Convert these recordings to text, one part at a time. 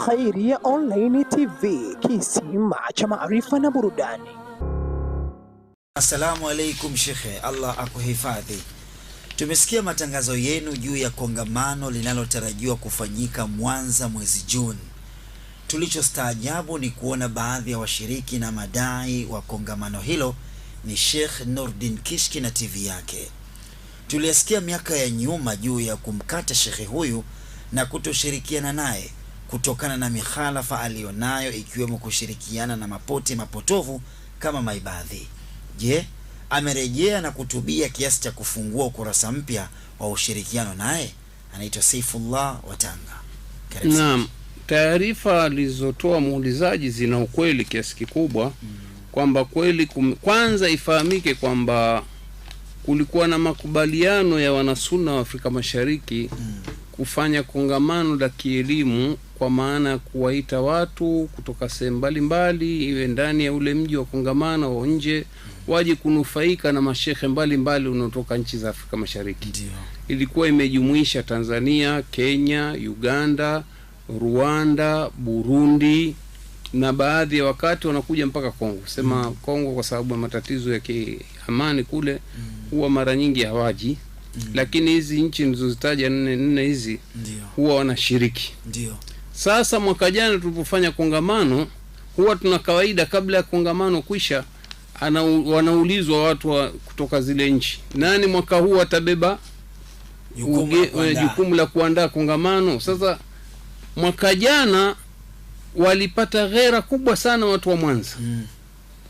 Khairia Online TV, kisima cha maarifa na burudani. Assalamu alaikum shekhe, Allah akuhifadhi. Tumesikia matangazo yenu juu ya kongamano linalotarajiwa kufanyika Mwanza mwezi Juni. Tulichostaajabu ni kuona baadhi ya wa washiriki na madai wa kongamano hilo ni Sheikh Nurdin Kishki na TV yake tuliasikia miaka ya nyuma juu ya kumkata shekhe huyu na kutoshirikiana naye kutokana na mikhalafa aliyonayo ikiwemo kushirikiana na mapote mapotovu kama maibadhi. Je, amerejea na kutubia kiasi cha kufungua ukurasa mpya wa ushirikiano naye? Anaitwa Saifullah wa Tanga. Naam, taarifa alizotoa muulizaji zina ukweli kiasi kikubwa, mm. kwamba kweli kum... kwanza ifahamike kwamba kulikuwa na makubaliano ya wanasuna wa Afrika Mashariki mm. kufanya kongamano la kielimu kwa maana ya kuwaita watu kutoka sehemu mbalimbali, iwe ndani ya ule mji wa kongamano au nje, mm. waje kunufaika na mashehe mbalimbali unaotoka nchi za Afrika Mashariki. Ndiyo. Ilikuwa imejumuisha Tanzania, Kenya, Uganda, Rwanda, Burundi na baadhi ya wakati wanakuja mpaka Kongo sema mm. Kongo kwa sababu ya matatizo ya kiamani kule mm. huwa mara nyingi hawaji mm. lakini hizi nchi nilizozitaja nne nne hizi huwa wanashiriki. Ndio sasa mwaka jana tulipofanya kongamano, huwa tuna kawaida kabla ya kongamano kuisha ana, wanaulizwa watu wa kutoka zile nchi, nani mwaka huu atabeba jukumu la eh, kuandaa kongamano. Sasa mwaka jana walipata ghera kubwa sana watu wa Mwanza mm.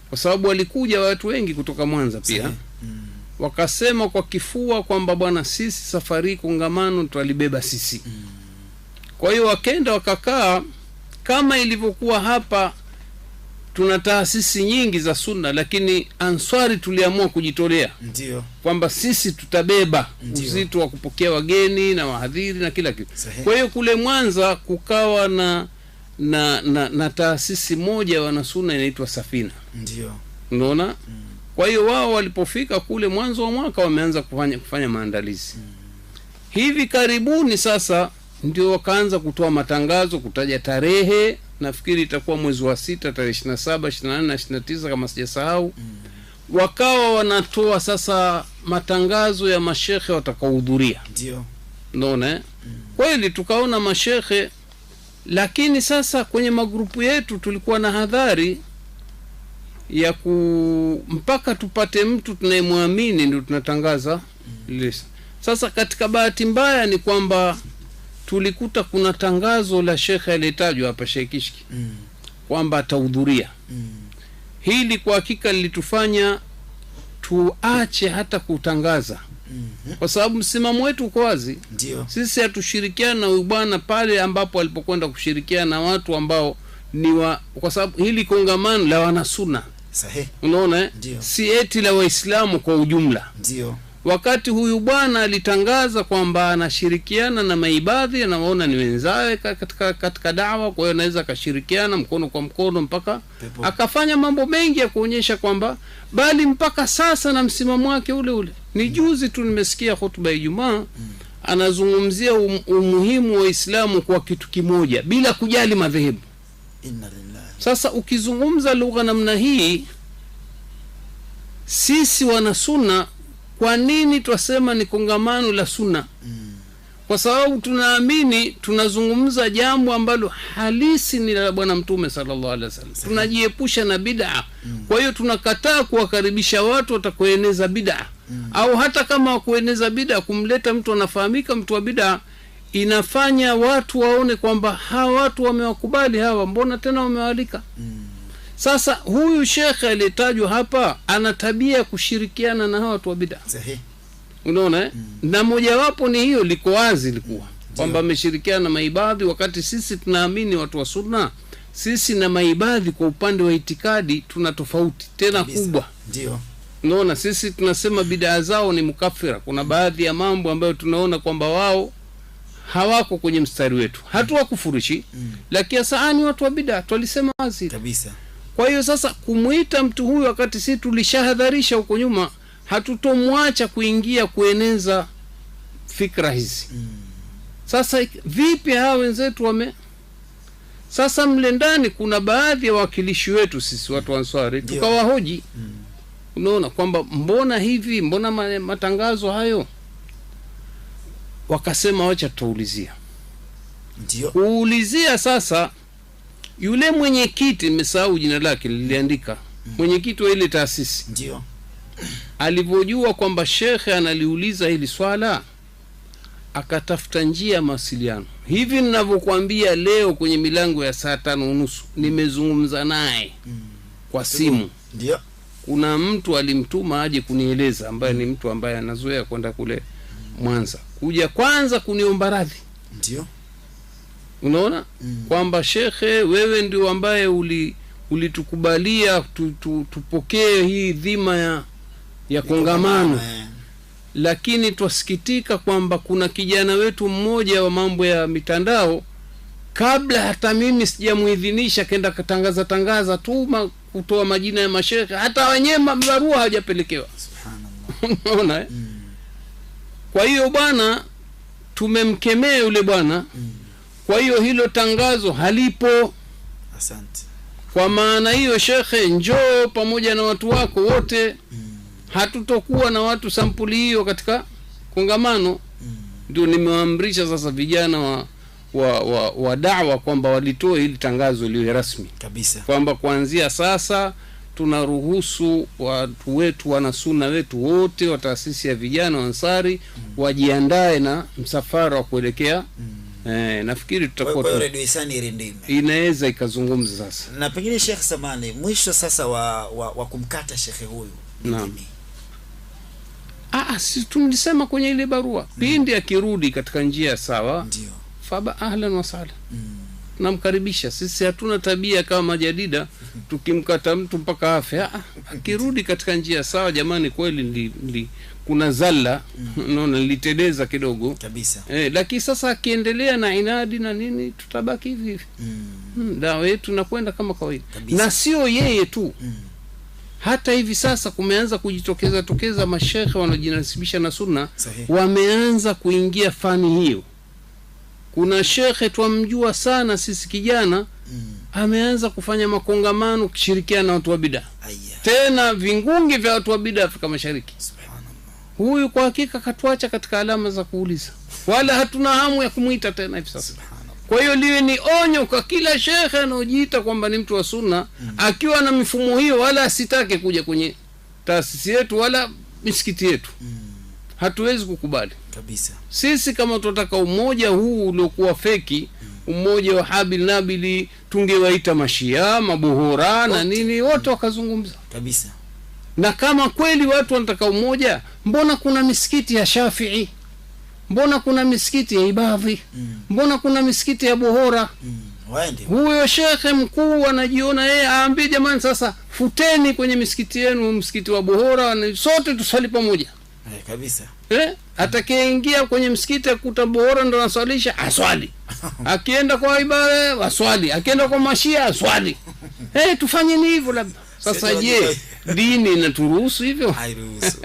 kwa sababu walikuja watu wengi kutoka Mwanza pia mm. wakasema kwa kifua kwamba bwana, sisi safari kongamano twalibeba sisi mm. kwa hiyo wakenda wakakaa kama ilivyokuwa hapa tuna taasisi nyingi za Sunna, lakini Answari tuliamua kujitolea, ndio kwamba sisi tutabeba Ndiyo. uzito wa kupokea wageni na wahadhiri na kila kitu. Kwa hiyo kule Mwanza kukawa na na na, na taasisi moja ya wanasuna inaitwa Safina, ndio unaona mm. Kwa hiyo wao walipofika kule mwanzo wa mwaka wameanza kufanya kufanya maandalizi mm. Hivi karibuni sasa ndio wakaanza kutoa matangazo kutaja tarehe, nafikiri itakuwa mwezi wa sita tarehe ishiri na saba ishiri na nane na ishiri na tisa kama sijasahau mm. Wakawa wanatoa sasa matangazo ya mashekhe watakaohudhuria, ndio naona eh? mm. Kweli tukaona mashekhe lakini sasa kwenye magrupu yetu tulikuwa na hadhari ya ku mpaka tupate mtu tunayemwamini ndio tunatangaza list. Sasa katika bahati mbaya ni kwamba tulikuta kuna tangazo la shekhe aliyetajwa hapa shekishki mm. kwamba atahudhuria mm. Hili kwa hakika lilitufanya tuache hata kutangaza Mhm. kwa sababu msimamo wetu uko wazi. Sisi hatushirikiana na huyu bwana pale ambapo alipokwenda kushirikiana na watu ambao ni wa, kwa sababu hili kongamano la wanasuna Unaona, eh? si eti la Waislamu kwa ujumla. Ndio. Wakati huyu bwana alitangaza kwamba anashirikiana na maibadhi, anawaona ni wenzawe katika, katika dawa, kwa hiyo anaweza akashirikiana mkono kwa mkono mpaka Pepo. Akafanya mambo mengi ya kuonyesha kwamba bali mpaka sasa na msimamo wake ule ule. Ni juzi tu nimesikia hutuba ya Ijumaa anazungumzia um, umuhimu wa Uislamu kwa kitu kimoja bila kujali madhehebu. Sasa ukizungumza lugha namna hii, sisi wana sunna, kwa nini twasema ni kongamano la sunna? Mm. Kwa sababu tunaamini tunazungumza jambo ambalo halisi ni la Bwana Mtume sallallahu alaihi wasallam. Tunajiepusha na bid'a, mm. kwa hiyo tunakataa kuwakaribisha watu watakueneza bid'a mm. au hata kama kueneza bida, kumleta mtu anafahamika, mtu wa bida, inafanya watu waone kwamba hawa watu wamewakubali hawa, mbona tena wamewalika mm. Sasa huyu shekhe aliyetajwa hapa ana tabia ya kushirikiana na hawa watu wa bida, unaona eh? mm. na mojawapo ni hiyo, liko wazi likuwa mm. kwamba ameshirikiana na maibadhi, wakati sisi tunaamini watu wa sunna sisi na maibadhi kwa upande wa itikadi tuna tofauti tena kubwa, ndio naona sisi tunasema bidaa zao ni mkafira. Kuna baadhi ya mambo ambayo tunaona kwamba wao hawako kwenye mstari wetu, hatuwakufurishi mm. lakini saani ni watu wa bidaa, twalisema wazi kabisa. Kwa hiyo sasa kumwita mtu huyu wakati sisi tulishahadharisha huko nyuma, hatutomwacha kuingia kueneza fikra hizi mm. Sasa vipi hawa wenzetu wame sasa mle ndani kuna baadhi ya wawakilishi wetu sisi watu wa Answari tukawahoji mm unaona kwamba mbona hivi, mbona matangazo hayo? Wakasema wacha tuulizia Ndio sasa, yule mwenyekiti, mesahau jina lake, liliandika mm. mwenyekiti wa ile taasisi, ndio alivyojua kwamba shekhe analiuliza hili swala akatafuta njia ya mawasiliano. Hivi ninavyokuambia leo kwenye milango ya saa tano unusu nimezungumza naye mm. kwa simu ndio kuna mtu alimtuma aje kunieleza, ambaye ni mtu ambaye anazoea kwenda kule Mwanza, kuja kwanza kuniomba radhi, ndio unaona mm. kwamba shekhe, wewe ndio ambaye uli ulitukubalia tu, tu, tupokee hii dhima ya ya kongamano, eh. lakini twasikitika kwamba kuna kijana wetu mmoja wa mambo ya mitandao kabla hata mimi sijamuidhinisha kenda katangaza tangaza tu kutoa majina ya mashekhe hata wenyewe barua hawajapelekewa unaona eh? mm. kwa hiyo bwana tumemkemea yule bwana mm. kwa hiyo hilo tangazo halipo asante kwa maana hiyo shekhe njoo pamoja na watu wako wote mm. hatutokuwa na watu sampuli hiyo katika kongamano mm. ndio mm. nimewaamrisha sasa vijana wa wa, wa, wa dawa kwamba walitoe hili tangazo liwe rasmi kabisa kwamba kuanzia sasa tunaruhusu watu wetu wanasuna wetu wote wa taasisi ya vijana wa Ansari mm. wajiandae na msafara wa kuelekea mm. eh, nafikiri tutakuwa inaweza ikazungumza sasa, na pengine shekh Samani, mwisho sasa wa, wa, wa kumkata shekhe huyu naam. Ah, ah, si tulisema kwenye ile barua mm. pindi mm. akirudi katika njia sawa Ndiyo faba ahlan wasahlan mm. namkaribisha sisi hatuna tabia kama majadida tukimkata mtu mpaka afe ah, ah, akirudi katika njia sawa jamani kweli ndi, ndi, kuna zalla mm. naona kidogo eh, lakini sasa akiendelea na inadi na nini tutabaki hivi hivi mm. Hmm, dawa yetu nakwenda kama kawaida na sio yeye tu mm hata hivi sasa kumeanza kujitokeza tokeza mashekhe wanaojinasibisha na sunna wameanza kuingia fani hiyo kuna shekhe twamjua sana sisi kijana mm. ameanza kufanya makongamano kushirikiana na watu wa bidaa tena vingungi vya watu wa bidaa Afrika Mashariki. Huyu kwa hakika katuacha katika alama za kuuliza, wala hatuna hamu ya kumwita tena hivi sasa. Kwa hiyo liwe ni onyo kwa kila shekhe anaojiita kwamba ni mtu wa sunna mm. akiwa na mifumo hiyo, wala asitake kuja kwenye taasisi yetu wala misikiti yetu mm. hatuwezi kukubali kabisa. Sisi kama tunataka umoja huu uliokuwa feki mm. umoja wa Habil Nabili, tungewaita Mashia, mabohora na nini, wote wakazungumza kabisa. Na kama kweli watu wanataka umoja, mbona kuna misikiti ya Shafii? Mbona kuna misikiti ya Ibadhi? mm. mbona kuna misikiti ya Bohora? mm. Waende. Huyo shekhe mkuu anajiona yeye, aambie jamani, sasa futeni kwenye misikiti yenu, msikiti wa Bohora, sote tusali pamoja Eh, kabisa eh, atakayeingia kwenye msikiti akuta bora ndo anaswalisha aswali, akienda kwa ibada waswali, akienda kwa mashia aswali. Eh, ni hivyo labda. Sasa je, dini inaturuhusu hivyo? Hairuhusu.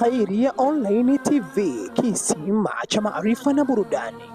Khairia Online TV, kisima cha maarifa na burudani.